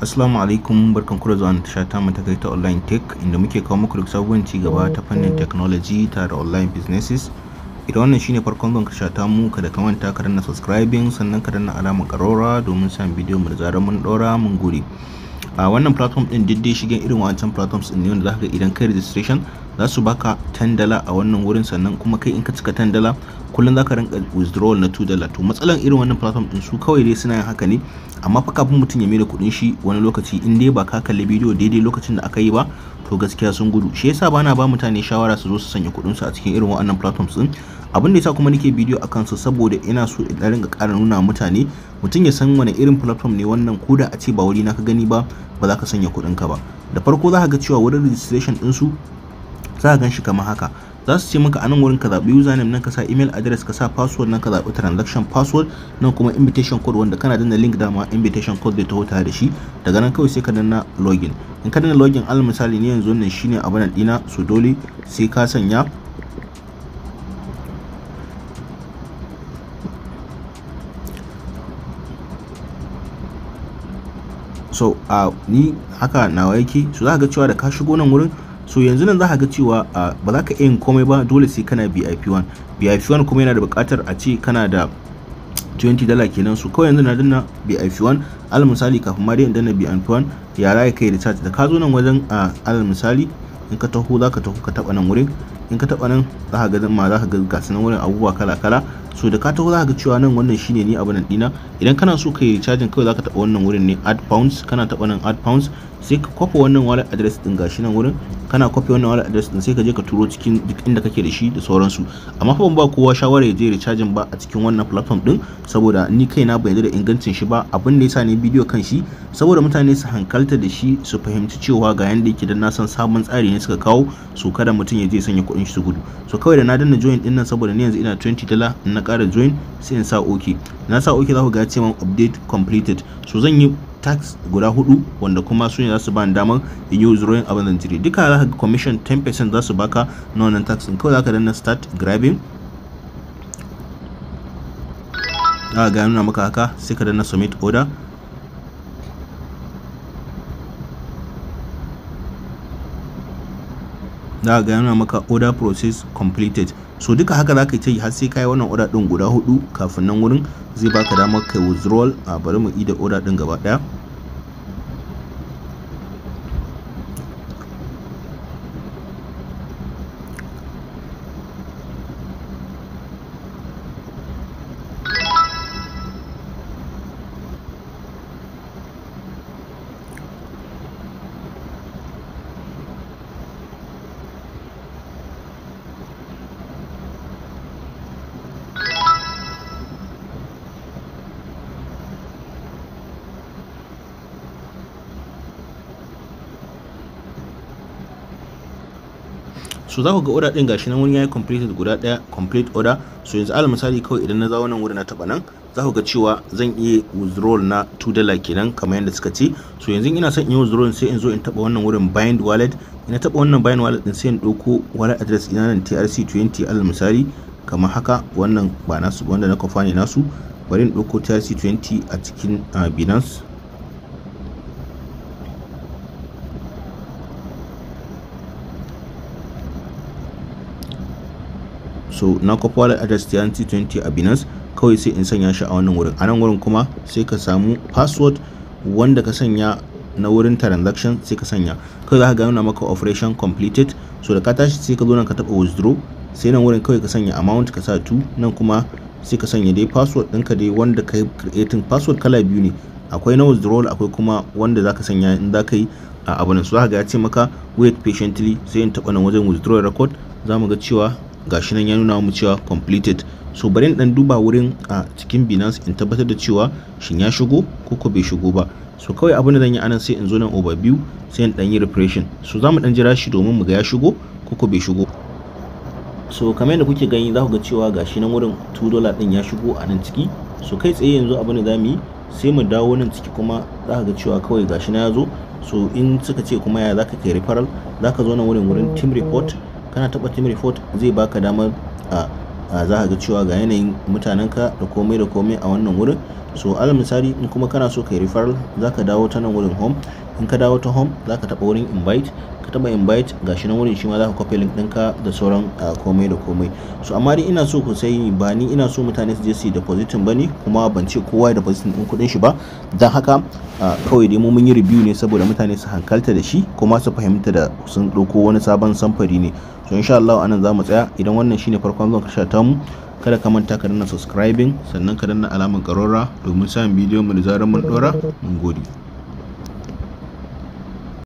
asalamu alaikum barkan ku da zuwa tasha ta kai ta online tech inda muke kawo muku duk sabuwar ci gaba ta fannin technology tare da online businesses. Idan wannan shine farkon zuwa tasha ta mu kada ka manta ka danna subscribing sannan ka danna alamar karora domin samun bidiyon mu da zarar mun dora mun gode. a wannan platform din diddai shigen irin wancan platforms din ne wanda zaka idan kai registration za su baka 10 dala a wannan wurin sannan kuma kai in ka cika 10 dala kullum zaka rinka withdrawal na 2 dala to matsalan irin wannan platform din su kawai dai suna yin haka ne amma fa kafin mutum ya mai da kuɗin shi wani lokaci in dai ba ka kalli bidiyo daidai lokacin da aka yi ba to gaskiya sun gudu shi yasa bana ba mutane shawara su zo su sanya kuɗin su a cikin irin wannan platforms din abin da yasa kuma nake bidiyo akan su saboda ina so in ringa ƙara nuna mutane mutum ya san wani irin platform ne wannan ko da a ce ba wuri na ka gani ba ba za ka sanya kuɗin ka ba da farko za ka ga cewa wurin registration din su za ka gan shi kamar haka za su ce maka anan wurin ka zaɓi username nan ka sa email address ka sa password nan ka zaɓi transaction password nan kuma invitation code wanda kana danna link dama invitation code zai taho tare da shi daga nan kawai sai ka danna login in ka danna login alal misali ne yanzu wannan shine abin dina su dole sai ka sanya so a ni haka nawa yake so za ga cewa da ka shigo nan wurin so yanzu nan za ga cewa ba za ka iya yin komai ba dole sai kana vip 1 vip 1 kuma yana da buƙatar a ce kana da 20 dala kenan su kawai yanzu na danna bif1 alal misali kafin ma dai danna bif1 yara ya kai da chat da ka zo nan wajen a alal misali in ka taho za ka taho ka taba nan wurin in ka taba nan za ka ga ma za ka ga gasu nan wurin abubuwa kala kala so da ka taho za ka ga cewa nan wannan shine ni abin dina idan kana so ka yi recharging kawai za ka taɓa wannan wurin ne add pounds kana taɓa nan add pounds sai ka kwafa wannan wallet address din gashi nan wurin kana copy wannan wallet address din sai ka je ka turo cikin duk inda kake da shi da sauransu amma fa ban ba kowa shawara ya je recharging ba a cikin wannan platform din saboda ni kaina na bai da ingancin shi ba abin da yasa ne bidiyo kan shi saboda mutane su hankalta da shi su fahimci cewa ga yanda yake dan na san sabon tsari ne suka kawo so kada mutum ya je sanya kuɗin shi su gudu so kawai da na danna join din nan saboda ni yanzu ina 20 dala na ƙara join sai in sa ok na sa ok za ku ga cewa update completed so zan yi tax guda hudu wanda kuma su ne za su ba ni damar in yi withdrawing abundant tree duka za ka commission 10% za su baka na wannan tax in kawai za ka danna start grabbing za ka ga nuna maka haka sai ka danna submit order za ka gano maka order process completed so duka haka za ka yi har sai ka yi wannan order din guda hudu kafin nan wurin zai baka damar kai withdrawal a bari mu ida order din gaba daya so za ku ga order din gashi nan wani yayi completed guda daya complete order so yanzu alal misali kawai idan na zawo nan wurin na taba nan za ku ga cewa zan iya withdrawal na 2 dollar kenan kamar yadda suka ce so yanzu ina son in yi withdrawal sai in zo in taba wannan wurin bind wallet ina taba wannan bind wallet din sai in dauko wallet address ina nan TRC20 alal misali kamar haka wannan ba nasu wanda na kofani nasu bari in dauko TRC20 a cikin ah, Binance so na copy da address ta 20 a binance kawai sai in sanya shi a wannan wurin a nan wurin kuma sai ka samu password wanda ka sanya na wurin transaction sai ka sanya kawai za ka gano maka operation completed so da ka tashi sai ka zo nan ka taba withdraw sai nan wurin kawai ka sanya amount ka sa 2 nan kuma sai ka sanya dai password ɗinka dai wanda ka yi creating password kala biyu ne akwai na withdrawal akwai kuma wanda zaka sanya in za ka yi a abunan su ka ga ya ce maka wait patiently sai in taba nan wajen withdraw record za mu ga cewa gashi nan ya nuna mu cewa completed so bari dan duba wurin a cikin binance in tabbatar da cewa shin ya shigo ko ko bai shigo ba so kawai abin da zan yi anan sai in zo nan overview sai in dan yi refreshin so zamu dan jira shi domin mu ga ya shigo ko ko bai shigo so kamar yadda kuke gani za ku ga cewa gashi nan wurin 2 dollar din ya shigo a nan ciki so kai tsaye yanzu abin da zamu yi sai mu dawo nan ciki kuma za ka ga cewa kawai gashi na ya zo so in suka ce kuma ya zaka kai referral zaka zo nan wurin wurin team report kana taɓa team report zai baka damar a za ka ga cewa ga yanayin mutanenka da komai da komai a wannan wurin so alal misali in kuma kana so kai referral za ka dawo ta nan wurin home in ka dawo ta home za ka taɓa wurin invite ka taɓa invite ga shi nan wurin shi ma za ka copy link ɗinka da sauran ah, komai da komai so amma dai ina so ku sai ba ni ina so mutane su je su yi depositin ba ne kuma ban ce kowa ya depositin ɗin kuɗin shi ba don haka ah, kawai dai mu mun yi review ne saboda mutane su hankalta da shi kuma su fahimta da sun ɗauko wani sabon samfari ne so insha Allah anan za mu tsaya idan wannan shine farkon zan kashe ta mu kada ka manta ka danna subscribing sannan ka danna alamar karora domin samun bidiyon mu da zarar mun dora mun gode